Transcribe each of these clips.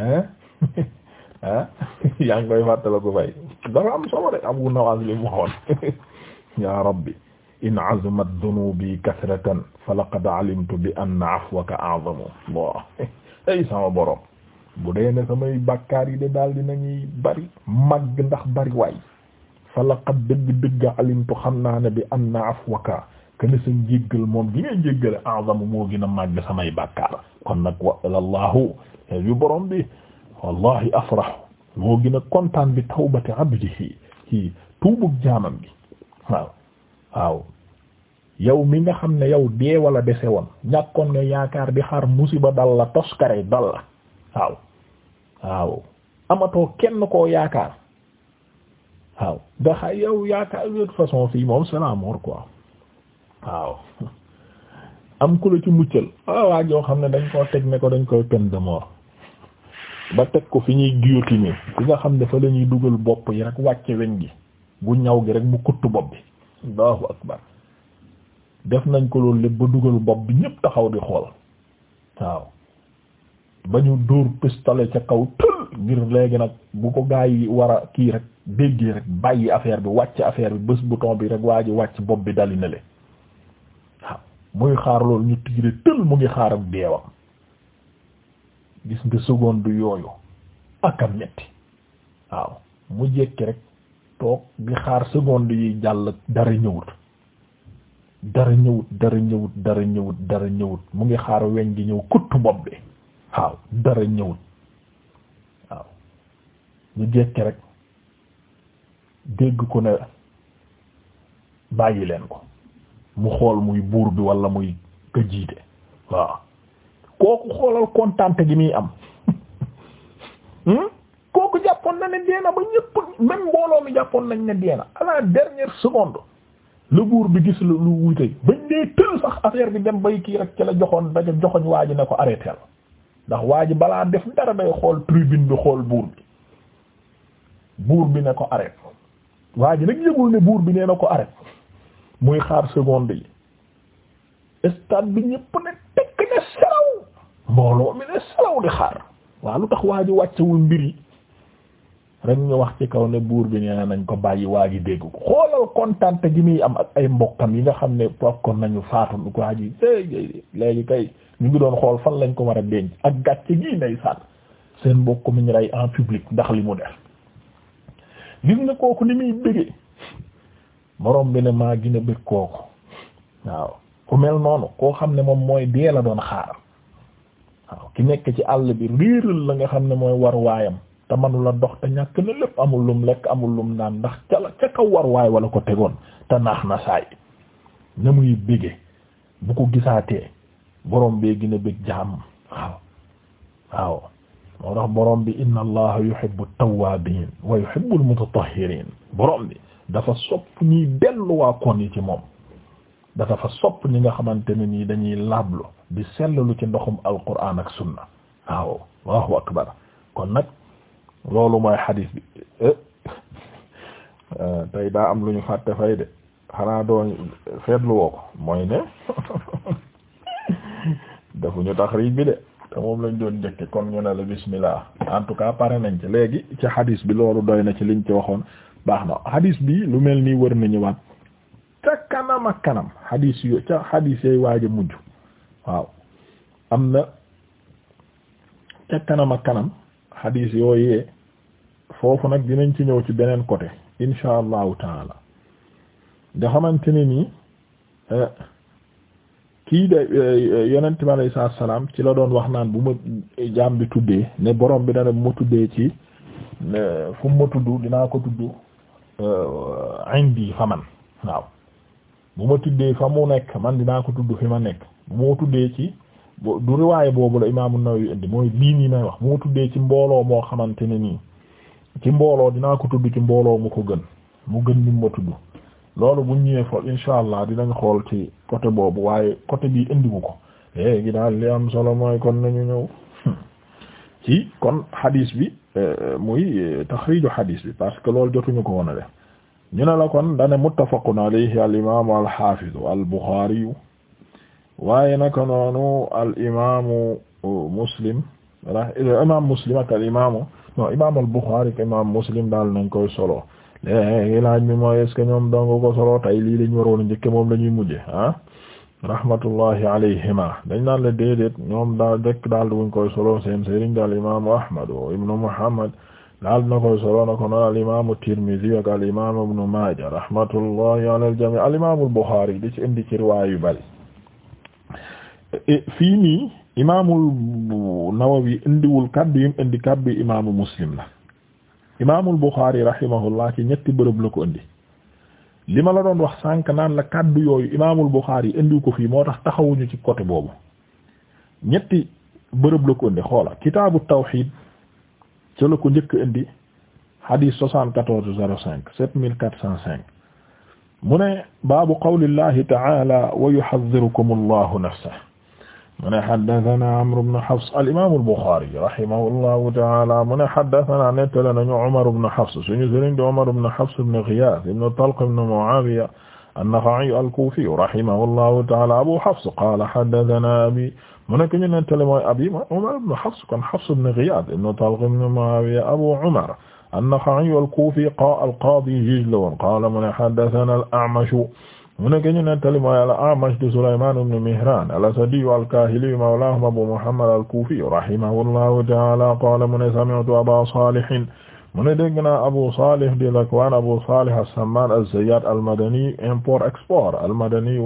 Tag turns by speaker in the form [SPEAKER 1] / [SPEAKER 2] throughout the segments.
[SPEAKER 1] ah yaa ngi koy fàttala ko fay dafa am solo de Abu Nawas li mu waxoon ya rabbi in azumat dunubi kasratan fa laqad alimtu bi anna afwaka a'zamu bon ay sama borom bu dee ne samay bàkkaar yi de daal dinañuy bari màgg ndax bari waay fa laqad dëgg dëgg alimtu xam naa ne bi anna afwaka kene sa njéggal moom gi ngay njéggale a'zamu moo gën a màgg samay bàkkaar kon nag wa lallahu yu borom bi wallahi afrahu moo gën a kontaan bi tawbati abdihi ci tuubug jaamam bi waaw waaw yow mi nga xam ne yow dee wala dese woon ñàkkoon nga yaakaar di xaar musiba dal la toskare dal la waaw waaw amatoo kenn koo yaakaar waaw nga xay yow yaakaar de toute façon fii moom c'est la mort quoi waaw am ku la ci muccal waaw waa joo xam ne dañ koo teg ne ko dañ koy peine de mort ba teg ko fi ñuy guillotiner ki nga xam ne fa lañuy dugal bopp yi rek wàcce weñ gi gu ñaw gi rek mu kutt bopp bi allahu akbar def nañ ko loolu lépp ba dugal bopp bi ñépp taxaw di xool waaw ba ñu dóor pistolet ca kaw tël ngir léegi nag bu ko gaa yi war a kii rek déggee rek bàyyi affaire bi wàcce affaire bi bés bouton bi rek waa ji wàcc bopp bi dali na muy xaar loolu ñu tigre tël mu ngi xaar ak deewam gis nga seconde yooyu ak a metti waaw mu jekki rek toog gi xaar seconde yi jàll dara ñëwut dara ñëwut dara ñëwut dara ñëwut dara ñëwut mu ngi xaar weñ gi ñëw kuttu bopp bi waaw dara ñëwut waaw ñu jekki rek dégg ko ne bàyyi leen ko mu xool muy buur bi wala muy ka jiite waaw kooku xoolal kontante gi nii am hmm? kooku jàppoon na ne deena ba ñëpp même mbooloo mi jàppoon nañ ne deena à la dernière seconde le buur bi gis lu lu wute bañ dee tël sax affaire bi dem bay kii rek ci la joxoon daja joxoñ waa ji ne ko arrêté ndax waa ji balaa def dara day xool tribune bi xool buur bi buur bi ne ko arrêté waa ji nag yëgul ne buur bi nee na ko arrêté muy xaar seconde yi stade bi ñëpp ne tekk ne selaw mbooloo mi ne selaw di xaar waaw lu tax waa ji wàccewul mbir yi rek ñu wax ci kaw ne buur bi nee nañ ko bàyyi waa ji dégg ko xoolal kontaan gi muy am ak ay mbokkam yi nga xam ne tokkoon nañu faatu ko waa ji léegi kay ñu ngi doon xool fan lañ ko war a denc ak gàcce gi nay sànn seen mbokk mi ñu rey en public ndax li mu def gis nga kooku ni muy bëggee borom bi ne maa gën bëgg kooku waaw ku mel noonu koo xam ne moom mooy dee la doon xaar waaw ki nekk ci àll bi réeral la nga xam ne mooy war waayam te manula dox te ñàkk na lépp amul lum lekk amul lum naan ndax ca kaw war waay wala ko tegoon te naax na saay na muy bëgge bu ko gisaatee borom bee gën a bëgg jaam waaw waaw moo tax borom bi inna allaha yuhibbu at-tawwabin wa yuhibbu al-mutatahhirin borom bi dafa sopp ñuy delluwaa kon yi ci moom dafa fa sopp ñi nga xamante ne nii dañuy lablu di sellalu ci ndoxum alquran ak sunna waaw allahu akbar kon nag loolu mooy xadiis bi eh, euh, tey daa am lu ñu fàtte fay de xanaa doon seetlu woo ko mooy ne defuñu taxriij bi de te moom lañ doon njëkke kon ñu ne la bismillah en tout cas pare nañ ci léegi ci xadiis bi loolu doy na ci liñ ci waxoon baax na hadis bi lu mel nii wër na ñëwaat ca kanam ak kanam a mujj waaw am na ca kanam ak yooy hadis yooyee foofu nag dinañ ci ñëw ci beneen côté insha allahu taala nga xamante ne nii eh, kii de eh, yonent bi alayhi salaatu salaam ci la doon wax naan bu ma jaam bi tuddee ne borom bi dana bu ma tuddee ci eh, fu mu ma tudd dinaa ko tudd Euh, indi fa man waaw bu ma tuddee fa mu nekk man dinaa ko tudd fi ma nekk moo tuddee ci du riwaay boobu la imaamu Nawawi indi mooy lii nii may wax moo tuddee ci mbooloo moo xamante ne nii ci mbooloo dinaa ko tudd ci mbooloo mu ko gën mu gën ni ma tudd loolu bu ñëwee fo insha allah dinañ xool ci côté boobu waaye côté bii indiwu ko léegi daal li am solo mooy kon nañu ñëw ci kon hadis bi euh, muy euh, taxriju hadis bi parce que loolu jotuñu ko woon a ñu ne la kon dane muttafaqun alayhi al imamu alhafidu al buxaariyu waaye naka noonu al imamu euh, muslim imam muslim ak al imamu non imam muslim daal nañ koy solo léegi laaj mi mooy est ñoom dong ko solo tay lii lañ waroon moom la ñuy mujje ah? rahmatullahi alayhima dañ naan la déedéet ñoom daal dekk daal duñ koy solo seen sëriñ daal imaamu Ahmad wa ibnu Muhammad daal na koy solo na ko noon al imaamu Tirmidhi ak al imaamu ibnu Maaja rahmatullahi ala al jamii al imaamu Buxaari di ci indi ci riwaayu bari e, fii nii imaamul Nawawi indiwul kaddu yim indi kaddu imaamu Muslim la imaamul Buxaari rahimahullah ci ñetti bërëb la ko indi li ma la doon wax sànq naan la kàddu yooyu imaamul Buxaari indiw ko fii moo tax taxawuñu ci côté boobu ñetti bërëb la ko indi xoola kitaabu tawxiid ca la ko njëkk indi hadith soixante quatorze zéro cinq sept mille quatre cent cinq mu ne baabu qawlillahi taala wa yuhaddirukum allahu nafsahu mu ne haddathana Amr ibn Hafs al-imam al-Bukhari rahimahullahu ta'ala mu ne haddathana nettale nañu Umar ibn Hafs suñu sëriñ di Umar ibn Hafs ibn Ghiyath ibn Talq ibn Mu'awiya an-Nakha'i al-Kufi rahimahullahu ta'ala Abu Hafs qala haddathana abi mu nekk ñu nettale mooy abi Umar ibn Hafs kon Hafs ibn Ghiyath ibn Talq ibn Mu'awiya Abu Umar an-Nakha'i al-Kufi al-Qadi Jijlawan qala mu ne haddathana al-A'mash mu ne ke ñu nettali mooy al-A'mash de Sulaymaan ibn Mihraan al-Asadi al-Kaahili mawlaahum Abu Muhammad al-Kuufi rahimahullahu ta'aala qaala mu ne sami'tu Abaa Saalih mu ne dégg naa Abu Saalih di Zakwaan Abu Saalih as-Sammaan az-Zayyaat al-Madani import export al-Madani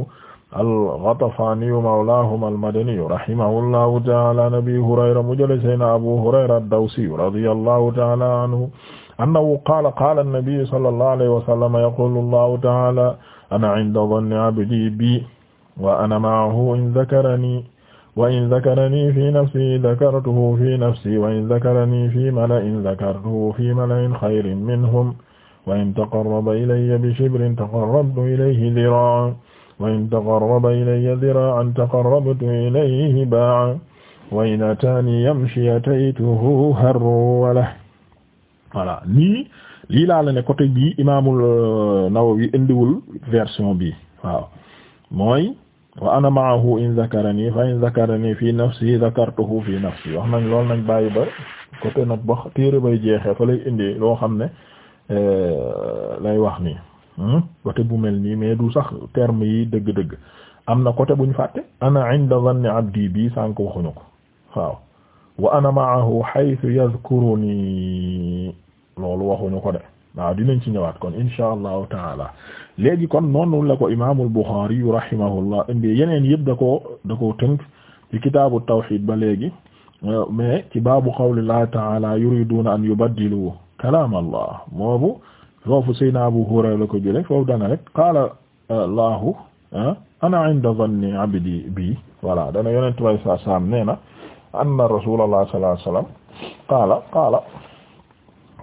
[SPEAKER 1] al-Ghatafani mawlaahum al-Madani rahimahullahu ta'aala an Abi Hurayra mu jële Seydina Abu Hurayra ad-Dawsi radiyallahu ta'aala anhu annahu qaala qaala an-nabiyyu sallallahu alayhi wa sallam yaqulu Allahu ta'aala ana inda danni abdi bi wa ana maahu in dakarani wa in dakarani fi nafsi dakartuhu fi nafsi wa in dakarani fi mala'in dakartuhu fi mala'in xayrin minhum wa in taqarraba ilayya bishibrin taqarrabtu ilayhi dira'an wa in taqarraba ilayya dira'an taqarrabtu ilayhi baa'an wa in ataani yamshi ataytuhu harwan lahu voilà lii laa la ne côté bii imaamul euh, Nawawi indiwul version bi waaw mooy wa ana ma'ahu in zakarani fa in zakarani fi nafsi zakartuhu fi nafsi wax nañ loolu nañ bàyyi ba côté nag ba téere bay jeexee fa lay indi loo xam ne euh, lay wax nii hmm? côté bu mel nii mais du sax terme yi dëgg-dëgg am na côté buñ fàtte ana inda dhanni abdi bi sànk waxuñu ko waaw wa ana ma'ahu haythu yadhkuruni loolu waxuñu ko de waaw dinañ ci ñëwaat kon insha allahu taala léegi kon noonu la ko imaamul Bukhari rahimahullah indi yeneen yëpp da koo da koo tënk ci kitaabu tawhid ba léegi mais ci baabu qawlillahi taala yuriduna an yubaddilu kalam allah moobu foofu sayna Abu Hurayra la ko jële foofu dana rek qaala ah, allahu ah, ana inda dhanni abdi bi voilà dana yonent way sa saam nee na anna rasulullah sallallahu alayhi wasallam qaala qaala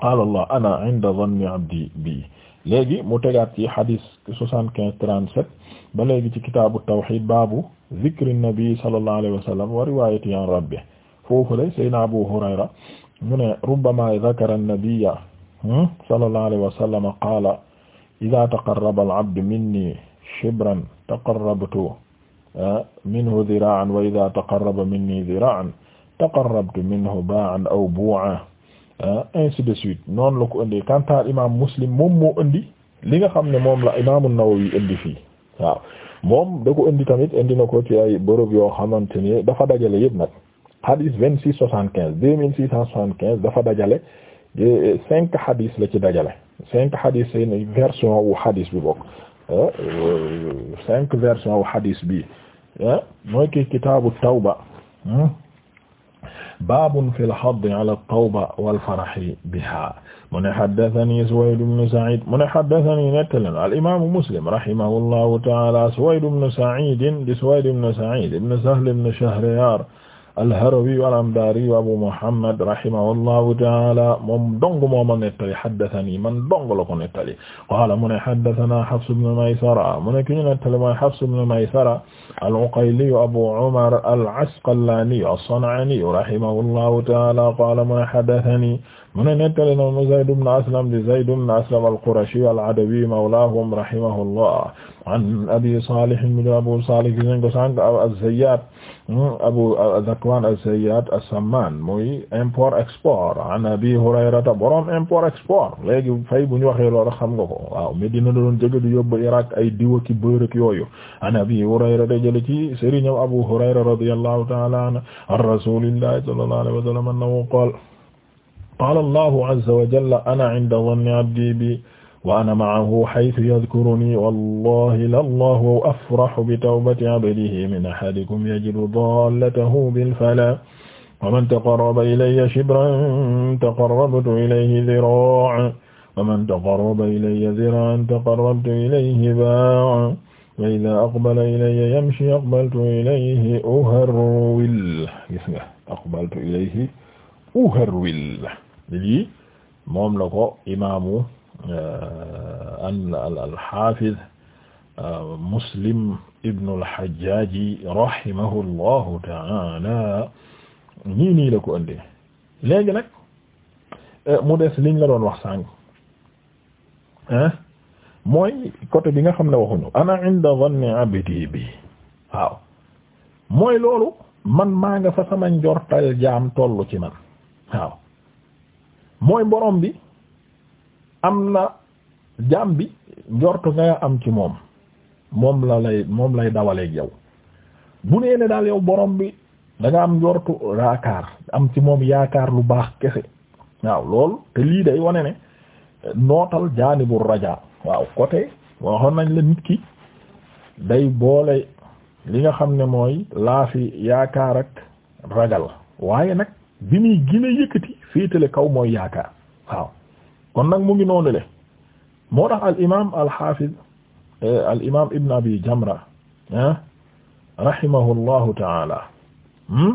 [SPEAKER 1] qaala allah ana inda zanni abdi bi léegi mu tegaat ci hadis soixante quinze trente sept ba léegi ci kitaabu tawhid baabu zikri nabi sallallahu alayhi wa sallam wa riwayati an rabbi foofule sayyidina abu hurayra mu ne rubbama dhakara an-nabiyya hmm, sallallahu alayhi wa sallam qaala idha taqarraba al-'abdu minni shibran taqarrabtu eh, minhu dhira'an wa idha taqarraba minni dhira'an taqarrabtu minhu baa'an aw bu'an Ah, ainsi de noonu la ko indi kantaar imaam muslim moom moo indi li nga xam ne moom la imaamu Nawawi indi fii waaw moom da ko indi tamit indi na ko ci ay bërëb yoo xamante ni dafa dajale yëpp nag hadis vingt six soixante quinze deux mille six cent soixante quinze dafa dajale cinq hadis la ci dajale cinq hadis seen version wu hadis bi bokk ah, euh, cinq version wu hadis bi ah, mooy ki kitaabu tawba hmm? baabun fil haddi ala tawba wal farahi biha mu ne haddathani Suwayd ibn Sa'id mu ne haddathani nettalan al imaamu Muslim rahimahullahu ta'ala Suwayd ibn Sa'id di Suwayd ibn Sa'id ibn Sahl ibn Shahriyar al-Harawi al-Amdari Abu Muhammad rahimahullahu ta'ala moom dong moo ma nettali haddathani man dong la ko nettali qaala mu ne haddathana Hafs ibn Maysara mu ne ki ñu nettali mooy Hafs ibn Maysara al-Uqayli Abu Umar al-Asqalani as-San'ani rahimahullahu ta'ala qaala mu ne haddathani mu ne nettali na Zayd ibn Aslam di Zayd ibn Aslam al-Qurashi al-Adawi mawlahum rahimahullah an abi salih min abu salih gis nañ ko sànq az-Zayyat abu hmm, Zakwan az-Zayyat as-Samman muy import export an abi Hurayrata borom import export léegi fay bu ñu waxee loolu xam nga ko waaw Medina doon jóge di yóbbu Irak ay diwa ki beurre ak yooyu an abi Hurayrata jële ci sëriñam abu Hurayra radiyallahu ta'ala anhu an rasulillahi sallallahu alayhi wa sallam annahu qala qala Allahu azza wa jalla ana 'inda dhanni 'abdi bi wa ana ma'ahu haythu yadhkuruni wallahi lallahu afrahu bi tawbati abdihi min ahadikum yajidu dallatahu bil fala wa man taqarraba ilayya shibran taqarrabtu ilayhi dhira'an wa man taqarraba ilayya dhira'an taqarrabtu ilayhi baa'an wa idha aqbala ilayya yamshi aqbaltu ilayhi uharwil gis nga aqbaltu ilayhi uharwil lii moom la ko imaamu an al-Hafiz Muslim ibn al-Hajjaj rahimahullahu ta'ala ñii nii la ko andi léegi nag mu des liñ la doon wax sànq ah, mooy côté bi nga xam ne waxuñu ana inda dhanni bi waaw mooy loolu man maa nga fa sama njortal jaam tollu ci man waaw mooy borom bi am na jaam bi njort nga am ci moom moom la lay moom lay dawaleeg yow bu nee ne daal yow borom bi danga am njortu yaakaar am ci moom yaakaar lu baax kese waaw lool te lii day wane ne nootal jaanibu raja waaw côté waxoon nañ la nit ki day boole li nga xam ne mooy fi yaakaar ak ragal waaye nag bi muy gën a yëkkati kaw mooy yaakaar waaw kon nag mu ngi noonu le moo tax al imaam al xaafiz eh, al imaam Ibn Abi Jamra ah rahimahullahu taala hmm?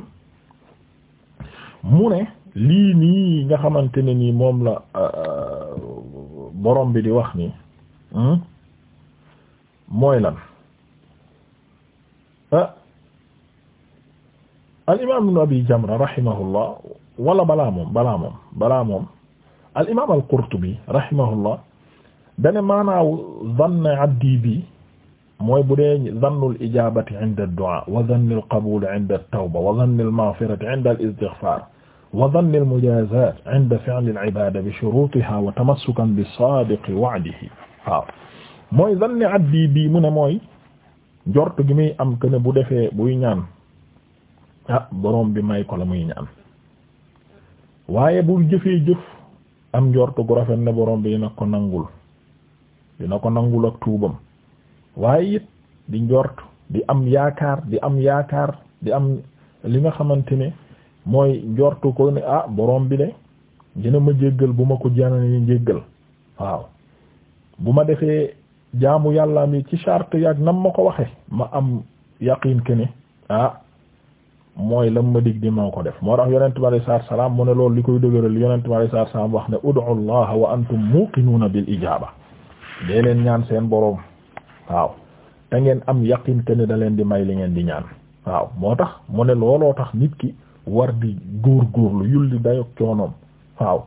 [SPEAKER 1] mu ne lii nii nga xamante ne nii moom la eh, borom bi di wax ni hmm? mooy lan ah al imaam Ibn Abi Jamra rahimahullah wala balaa moom balaa moom. al imaam al qurtubi rahimahullah dane maanaaw zann abdi bi mooy bu dee zannul ijaabati inda ad-du'aa wa zannil qabuuli inda at-tawba wa zannil maghfirati inda al-istighfaar wa zannil mujaazaat inda fi'lil ibaada bi shuruutihaa wa tamassukan bi saadiqi wa'dihi waaw mooy zann abdi bi mu ne mooy njort gi muy am que ne bu defee buy ñaan ah boroom bi may ko la muy ñaan waaye bu jëfee jëf. am njortu gu rafet ne borom bi dina ko nangul dina ko nangul ak tuubam waaye it di njort di am yaakaar di am yaakaar di am li nga xamante ne mooy njortu ko ne ah borom bi de dina ma jéggal bu ma ko janane njéggal waaw bu ma defee jaamu yàlla mi ci charte yaag nam ma ko waxe ma am yaqin ke ne ah mooy lam ma dig di moo ko def moo tax yonente bi alayhi salaam mu ne lool li koy dëgëral yonente bi alayhi salaatu salaam wax ne ud'u Allah wa antum muqinuuna bil ijaaba dee leen ñaan seen boroom ngeen am yaqin te ne da leen di may li ngeen di ñaan waaw moo tax mu ne looloo tax nit ki war di góorgóorlu yul di dayog coonoom waaw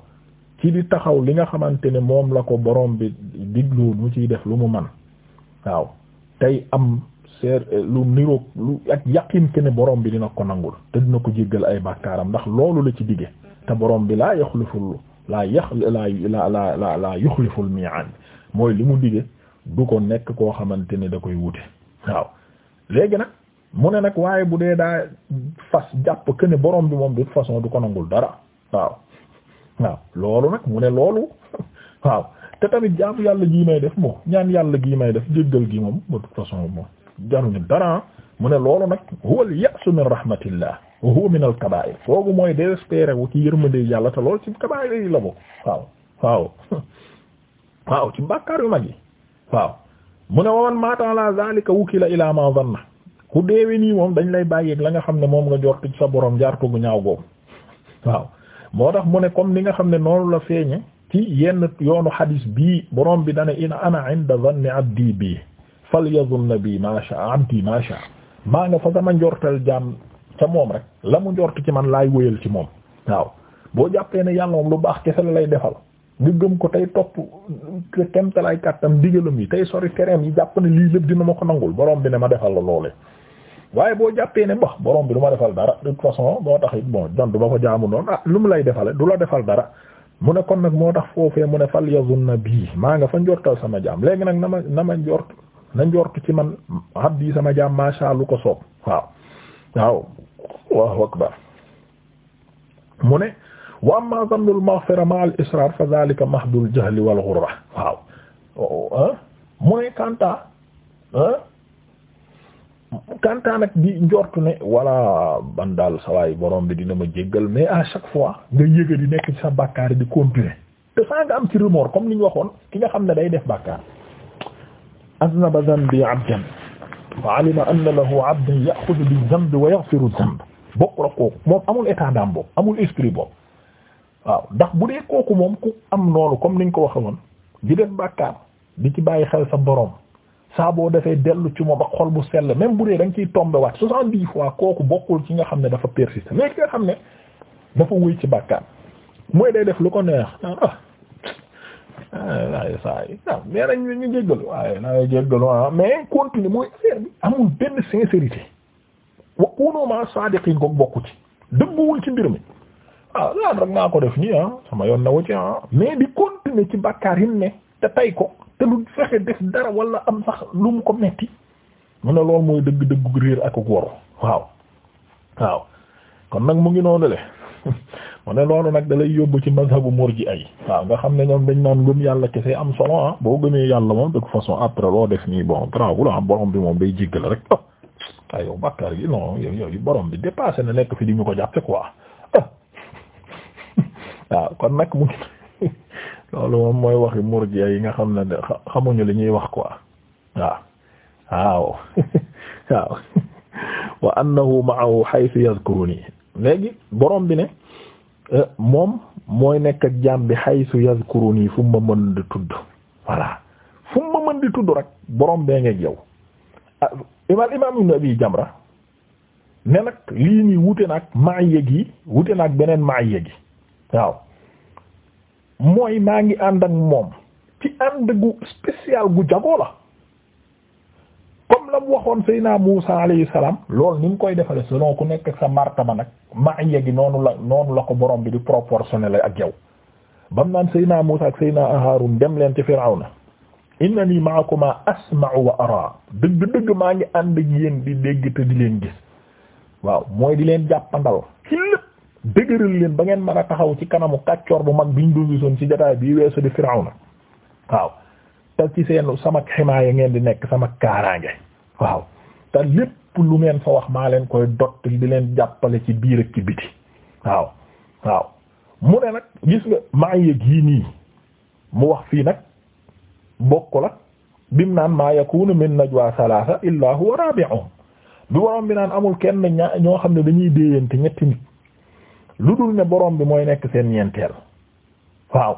[SPEAKER 1] ci di taxaw li nga xamante ne moom la ko boroom bi digloon mu ciy def lu mu man waaw tey am seer eh, lu niroog lu ak yaqin ke borom bi dina ko nangul te dina ko jéggal ay bàkkaaram ndax loolu la ci digge te borom bi laa yaxliful laa yax laa la la la laa yuxliful mi'ad mooy li mu digge du ko nekk koo xamante ne da koy wute waaw léegi nag mu ne nag waaye bu dee daa fas jàpp que ne borom bi moom de toute façon du ko nangul dara waaw waaw loolu nag mu ne loolu waaw te tamit jaamu yàlla gii may def moom ñaan yàlla gii may def jéggal gii moom de toute moom jaruñu dara mu ne loolu nag huwa al ya'su min rahmatillah wa huwa min al kaba'ir foogu mooy désespéré wu ci yërmande yàlla te loolu ci kaba'ir yi la bokk waaw waaw waaw ci yu mag yi waaw mu ne waman maatan la zalika wukila ila ma zanna ku deewe nii moom dañ lay bàyyeeg la nga xam ne moom nga jort sa borom jaartu gu ñaaw googu waaw moo tax mu ne comme ni nga xam ne noonu la feeñe ci yenn yoonu xadis bii borom bi dana in ana inda abdi bii falyazunna bi ma sha abdi ma sha maa nga fa sama njortal jaam ca moom rek la mu njort ci man laay wéyal ci moom waaw boo jàppee ne yàlla moom lu baax kese la lay defal nga gëm ko tey topp kemtalaay kàttam digalam yi tey sori tereem yi jàpp ne lii lépp dina ma ko nangul borom bi ne ma defal la loolee waaye boo jàppee ne bax borom bi du ma defal dara de toute façon moo tax it bon jon du ma ko jaamu noonu ah lu mu lay defalee du la defal dara mu ne kon nag moo tax foofee mu ne fal yazunna bii maa nga fa njortal sama jaam léegi nag na ma na ma na njortu ci man abdi sama jaam masha lu ko soob waaw waaw Allahu akbar mu ne wa amma zannul maghfira ma al israr fa dhalika mahdul jahli wal ghurra waaw oh, ah. mu ne kanta ah. kanta nag bi njortu ne wala ban daal sawaay borom bi dina ma jéggal mais à chaque fois nga yëga di nekk ci sa bàkkaar di continuer te saa nga am ci remords comme ni ñu waxoon ki nga xam ne day def bàkkaar aznaba zanbi abdan fa alima anna lahu abdan ya'khudhu bi zanbi wa yaghfiru zanb bokk la kooku moom amul état d'âme boobu amul esprit boobu waaw ndax bu dee kooku moom ku am noonu comme niñ ko waxe woon di def bàkkaar di ci bàyyi xel sa boroom saaboo boo dellu ci moom ak xol bu sell même bu dee da nga ciy tombé waat soixante-dix fois kooku bokkul ki nga xam ne dafa persister mais ki nga xam ne dafa wéy ci bàkkaar mooy day def lu ko neex ah, waaye ah, saa yi waaw mais nag ñu ñu jéggalu waaye naa jéggalu ah mais continue mooy affaire bi amul benn sincérité wa kunu ma sadiqin ko bokku ci dëgguwul ci mbir mi ah laan rek naa ko def nii ah sama yoon na wu ah mais di continuer ci bàkkaar yi ne te tay ko te lu fexe def dara wala am sax lu mu ko metti mu ne loolu mooy dëgg-dëggu réer ak ak waru waaw waaw kon nag mu ngi noonu le mu ne loolu nag dalay yóbbu ci mazhabu murji ay waaw nga xam ne ñoom dañ naan gëm yàlla kese am solo ah boo gëmee yàlla moom de toute façon après loo def nii bon grawul ah borom bi moom day jéggal rek ah ah yow bàkkaar gi non yow yow borom bi dépassé na nekk fi di ñu ko jàppe quoi ah waaw kon nag mu loolu moom mooy waxi murji yi nga xam ne xamuñu li ñuy wax quoi waaw waaw waaw wa annahu ma'ahu haythu yadhkuruni léegi boroom bi ne euh, moom mooy nekk ak jaam bi haythu yadhkuruni fu mu ma mën tudd voilà fu mu tudd rek borom bee ngeeg yow ah imaam imaam ibn abi jamra ne nag lii nii wute naag maa yëg yi wute naag beneen maa yëg yi waaw mooy maa ngi ànd ak moom ci ànd gu spécial gu jagoo la comme la mu waxoon naa Muusa alayhi salaam loolu ni nga koy defale selon ku nekk sa martaba nag ma gi noonu la noonu la ko boroom bi di proportionnel ak yow bam naan Seyna Muusa ak Seyna Haarun dem leen ci Firawna innani ma'akuma asma'u wa ara dëgg dëgg maa ngi ànd ak yéen di dégg te di leen gis waaw mooy di leen jàppandal ci lépp leen ba ngeen mën a taxaw ci kanamu kàccoor bu mag biñ dul gisoon ci jotaay bii weesu di Firawna te ci seen sama ximaaya ngeen di nekk sama kaaraange waaw te lépp lu ngeen fa wax maa leen koy dott di leen jàppale ci biir ak ci biti waaw waaw mu ne nag gis nga maa yëg yii nii mu wax fii nag bokk la bim naan maa yakunu min najwa salaasa illaa huwa rabi'uhum bi borom bi naan amul kenn ñoo xam ne dañuy déeyante ñetti nit lu dul ne borom bi mooy nekk seen ñenteel waaw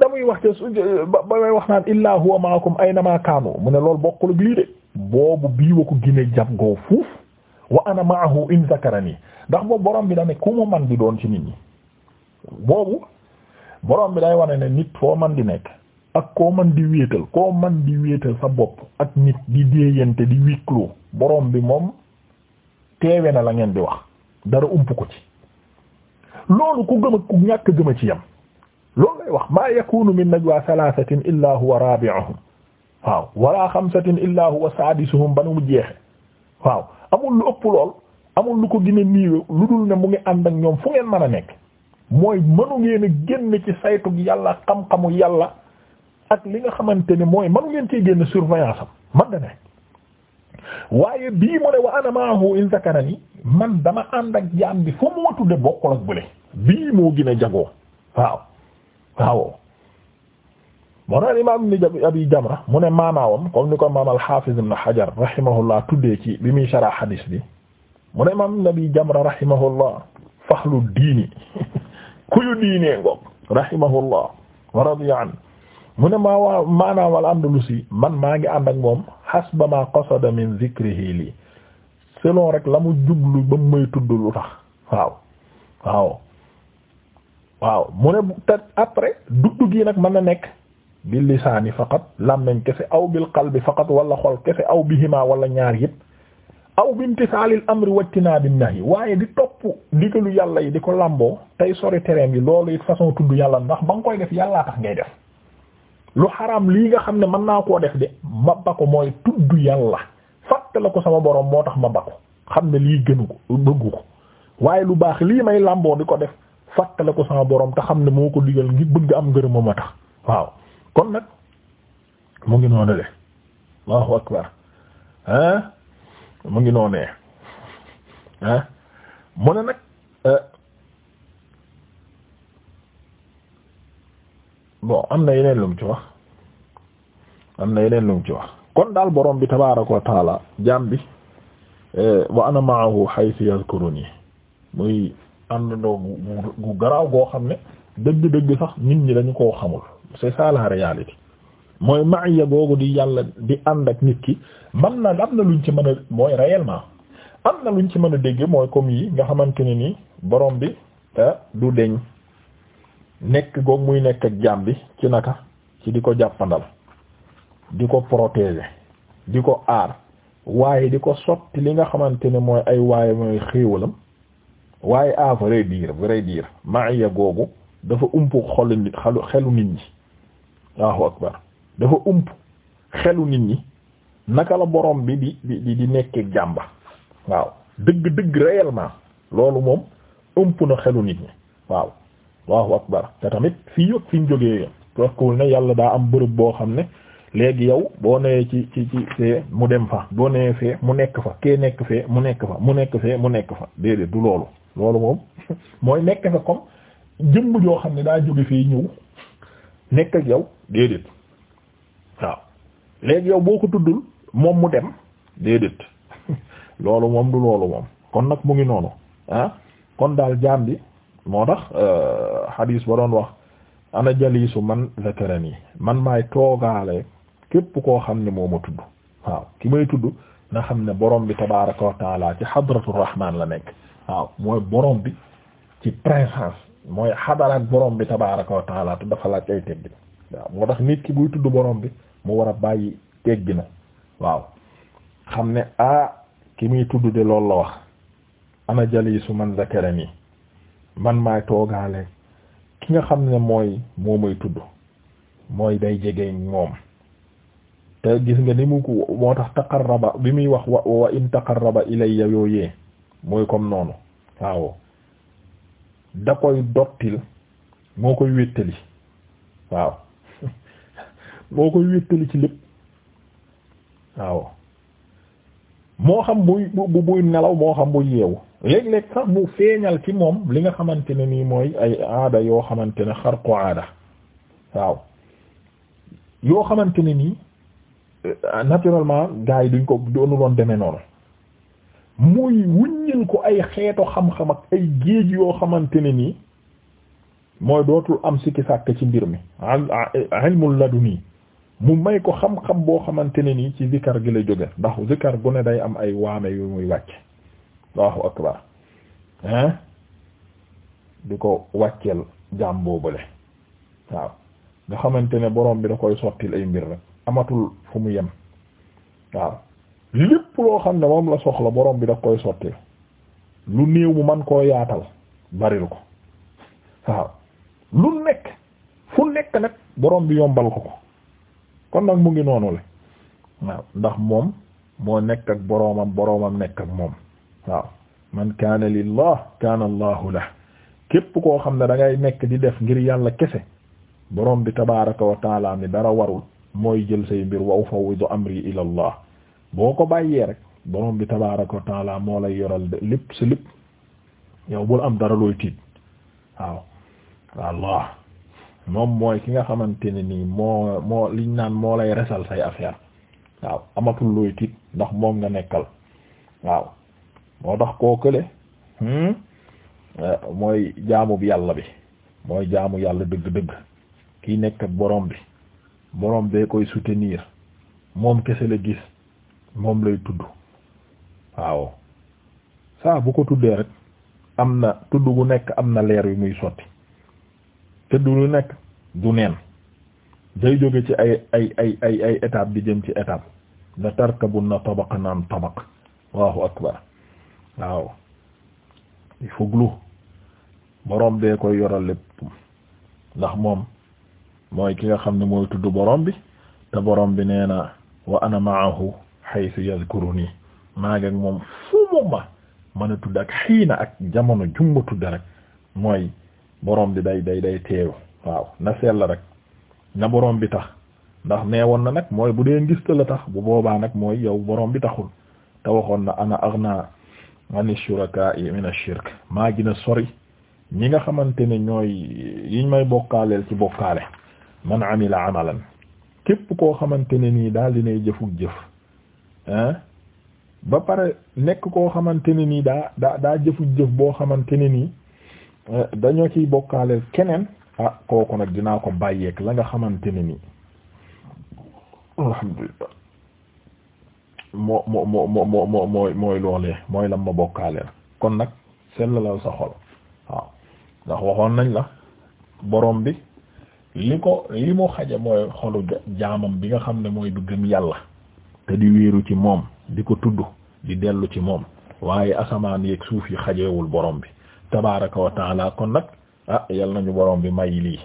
[SPEAKER 1] damuy wax ca ba may wax naan illaa huwa maakum aynama kaanu mu ne loolu bokkul ak lii de boobu bii wa ko gine jàpp goo fuuf wa ana maahu in zakarani ndax boobu borom bi da ne ku mu man doon ci nit ñi boobu bi day wane ne nit foo man di nekk ak koo man di wéetal koo man di wéetal sa bopp ak nit di déeyante di wikloo borom bi moom teewe na la ngeen di wax dara ump ko ci loolu ku gëm ku ñàkk gëm a ci yam loolu lay wax maa yakunu min najwa thalathatin illa huwa rabi'uhum waaw walaa xamsatin illa huwa sadisuhum ba nu mu jeexe waaw amul lu ëpp lool amul lu ko gën a niiwe lu dul ne mu ngi ànd ak ñoom fu ngeen mën a nekk mooy mënu ngeen a génn ci saytu yàlla xam-xamu yàlla ak li nga xamante ne mooy mënu ngeen cee génn surveillance am man da ne waaye bii mu ne wa ana ma'ahu in zakarani man dama ànd ak jaam bi fu mu tudde bokkul ak bële bii moo gën a jagoo waaw moo tax imaam ibn abi jamra mu ne maanaawam comme ni ko imaam al bi muy sharah hadis bi mu ne imaam ibn abi jamra rahimahullah faxlu diini kuyu diinee ngoog rahimahullah wa radiya an mu ne maa maanaam al-Andalusi man maa ngi ànd moom hasba ma qasada min zikrihi lii selon rek la mu jublu ba muy tudd lu waaw mu ne te après duddu gi nag mën na nekk bi lisaani faqat làmmeñ kese aw bil qalbi faqat wala xol kese aw bihima wala ñaar yëpp aw bimtisaalil amri wajtinaabin nahyi waaye di topp ndigalu yàlla yi di ko làmboo tey sori tereem yi loolu it façon tudd yàlla ndax ba nga koy def yàllaa tax ngay def lu xaram lii nga xam ne mën naa koo def de ma ba ko mooy tudd yàlla fàtte la ko sama borom moo tax ma ba ko xam ne lii gënu ko bëggu ko waaye lu baax lii làmboo di ko def fàttale ko sama borom te xam ne moo ko digal ngir bëgg am ngërëma ma tax waaw kon nag mu ngi noonu le allahu akbar ah mu ngi noonee ah mu ne nag euh, bon am na yeneen lum ci wax am na yeneen lum ci wax kon daal boroom bi tabaaraka wa jaam bi euh, wa ana ma'ahu haythu yadhkuruni muy àndandoo gu gu garaaw goo xam ne dëgg-dëgg sax nit ñi dañu koo xamul c'est ça la mooy maye googu di yàlla di ànd ak nit ki man na am na luñ ci mën a mooy réellement am luñ ci mën a dégg mooy comme yi nga xamante ne nii borom bi du deñ nekk goog muy nekk ak jaam bi ci naka ci di ko jàppandal di ko protéger di ko aar waaye di ko sotti li nga xamante ne mooy ay waaye mooy xéewalam waaye à vrai dire vrai dire maaya googu dafa ump xolu nit xalu xelu nit ñi Allahu akbar dafa ump xelu nit ñi naka la borom bi di di di nekkee jàmba waaw dëgg dëgg réellement loolu moom ump na xelu nit ñi waaw Allahu akbar te tamit fii yëpp fi ñu jógee tokkul ne yàlla daa am bërëb boo xam ne léegi yow boo nee ci ci ci fee mu dem fa boo nee fee mu nekk fa kee nekk fee mu nekk fa mu nekk fee mu nekk fa déedéet du loolu loolu moom mooy nekk fa comme jëmm joo xam ne daa jóge fii ñëw nekk ak yow déedéet waaw léegi yow boo ko tuddul moom mu dem déedéet loolu moom du loolu moom kon nag mu ngi noonu ah kon daal jaam bi moo tax xadiis euh, ba doon wax ana jaliisu man zakarani man maay toogaale képp koo xam ne moo ma tudd waaw ki may tudd na xam ne borom bi tabaaraka wa taala ci xadratu rahmaan la nekk waaw mooy borom bi ci présence mooy xadaraak borom bi tabaaraka wa taala dafa laaj ay teggin waaw moo tax nit ki buy tudd borom bi mu war a bàyyi teggi na waaw xam ne ah ki muy tudd de loolu la wax ana su man zakarani man maay toogaale ki nga xam ne mooy moo may tudd mooy day jege moom te gis nga ni mu ko moo tax taqarraba bi muy wax wa wa in taqarraba ilayya yooyee mooy comme noonu waaw da koy dottil moo koy wéttali waaw moo koy wéttali ci lépp waaw moo xam buy bu buy nelaw moo xam buy yeewu léeg-léeg sax bu feeñal ci moom li nga xamante ne nii mooy ay aada yoo xamante ne xarqu aada waaw yoo xamante ne nii euh, naturellement gars yi duñ ko doonu doon demee noonu mooy wuññil ko ay xeetu xam-xam ak ay géej yoo xamante ne nii mooy dootul am sikki ci mbir mi ilmul laduni mu may ko xam boo xamante ne nii ci zikar gi la jóge ndax zikar gu ne day am ay waame yu muy wàcc Allahu akbar hein di ko wàcceel jaam boobale waaw nga xamante ne borom bi da koy sottil ay mbir rek amatul fu mu yem waaw lépp loo xam ne moom la soxla boroom bi daf koy sotti lu néew mu man koo yaatal baril ko waaw lu nekk fu nekk nag boroom bi yombal ko ko kon nag mu ngi noonu le waaw ndax moom moo nekk ak boromam boromam nekk ak moom waaw man kaana lillah kaana allahu la képp koo xam ne dangay nekk di def ngir yàlla kese boroom bi tabaraka wa mi dara warul mooy jël say mbir wa ufawwidu amri ila boo ko bàyyee rek borom bi tabaaraka wa taala moo lay yoral de lépp si lépp yow bul am dara looy tiit waaw wallah moom mooy ki nga xamante ne nii moo moo liñ naan moo lay resal say affaire waaw amatul looy tiit ndax moom nga nekkal waaw moo tax koo kële hmm? eh, mooy jaamu bi yàlla bi mooy jaamu yàlla dëgg-dëgg kiy nekk ak borom bi boroom bee koy soutenir moom kese la gis moom lay tudd waaw saa bu ko tuddee rek am na tudd gu nekk am na leer yu muy sotti tudd lu nekk du neen day jóge ci ay ay ay ay ay étape jëm ci étape la tarkabunna tabaqan an tabaq Allahu akbar waaw il fuglu borom bee koy yoral lépp ndax moom mooy ki nga xam ni mooy tudd boroom bi te boroom bi nee na wa ana ma'ahu haythu yadhkuruni maa ngi moom fu mu ma mën a tudd ak xiina ak jamono jumba tudd rek mooy borom bi day day day waaw na sell rek na borom bi tax ndax nee woon na nag mooy bu dee ngista la tax bu boobaa nag mooy yow borom bi taxul te waxoon na ana aghna ani shuraka'i min ash-shirk maa gën na sori ñi nga xamante ne ñooy yiñ may bokkaaleel ci bokkaale man amila amalan képp koo xamante ne nii daal di dinay jëfug jëf ba pare nekk koo xamante ne nii daa daa daa jëfu jëf boo xamante ne nii eh, dañoo ciy bokkaale keneen ah kooku nag dinaa ko bàyyeek la nga xamante ne nii alhamdulillah moo moo moo mooy mooy loolee mooy lam ma bokkaaleel kon nag sellalal sa xol waaw ndax waxoon nañ la borom bi li ko li mu xaje mooy xolu jaamam bi nga xam ne mooy du yàlla te di wéeru ci moom di ko tudd di dellu ci moom waaye asamaan yeeg suuf yi xajeewul borom bi tabaraka wa taala kon nag a ah, yal nañu borom bi may lii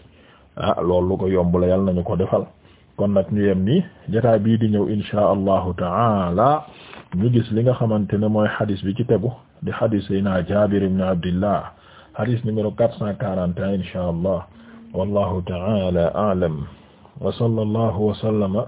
[SPEAKER 1] a ah, loolu lu ko yomb la yal nañu ko defal kon nag ñu yem nii jotaay bii di ñëw insha allahu taala ñu gis li nga xamante ne mooy xadis bi ci tegu di xadis sayna Jaabir ibn Abdillah xadis numéro 441 insha allah wallahu taala a'lam wa sallallahu wa sallama